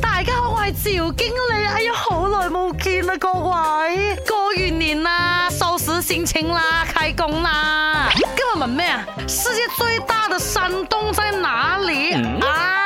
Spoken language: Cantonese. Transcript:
大家好，我係趙經理。哎呀，好耐冇見啦，各位，過完年啦，收拾心情啦，開工啦。今日問咩，世界最大的山洞在哪裏？嗯、啊？